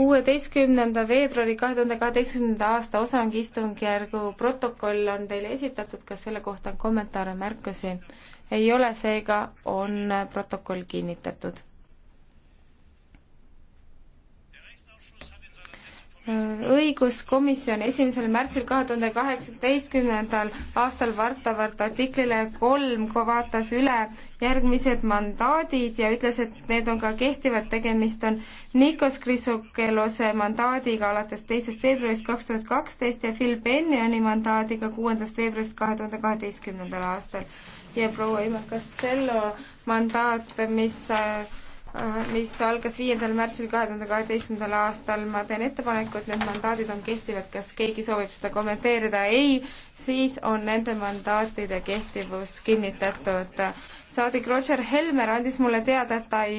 kuueteistkümnenda veebruari kahe tuhande kaheteistkümnenda aasta osangistungjärgu protokoll on teile esitatud, kas selle kohta on kommentaare, märkusi? ei ole, seega on protokoll kinnitatud õiguskomisjon esimesel märtsil kahe tuhande kaheksateistkümnendal aastal vastavalt artiklile kolm vaatas üle järgmised mandaadid ja ütles, et need on ka kehtivad, tegemist on Nikos Krisokelose mandaadiga alates teisest veebruarist kaks tuhat kaksteist ja Phil Benjani mandaadiga kuuendast veebruarist kahe tuhande kaheteistkümnendal aastal. ja proua Ivar Castello mandaat, mis äh, Äh, mis algas viiendal märtsil kahe tuhande kaheteistkümnendal aastal. ma teen ettepaneku, et need mandaadid on kehtivad, kas keegi soovib seda kommenteerida? ei, siis on nende mandaatide kehtivus kinnitatud. saadik Roger Helmer andis mulle teada, et ta ei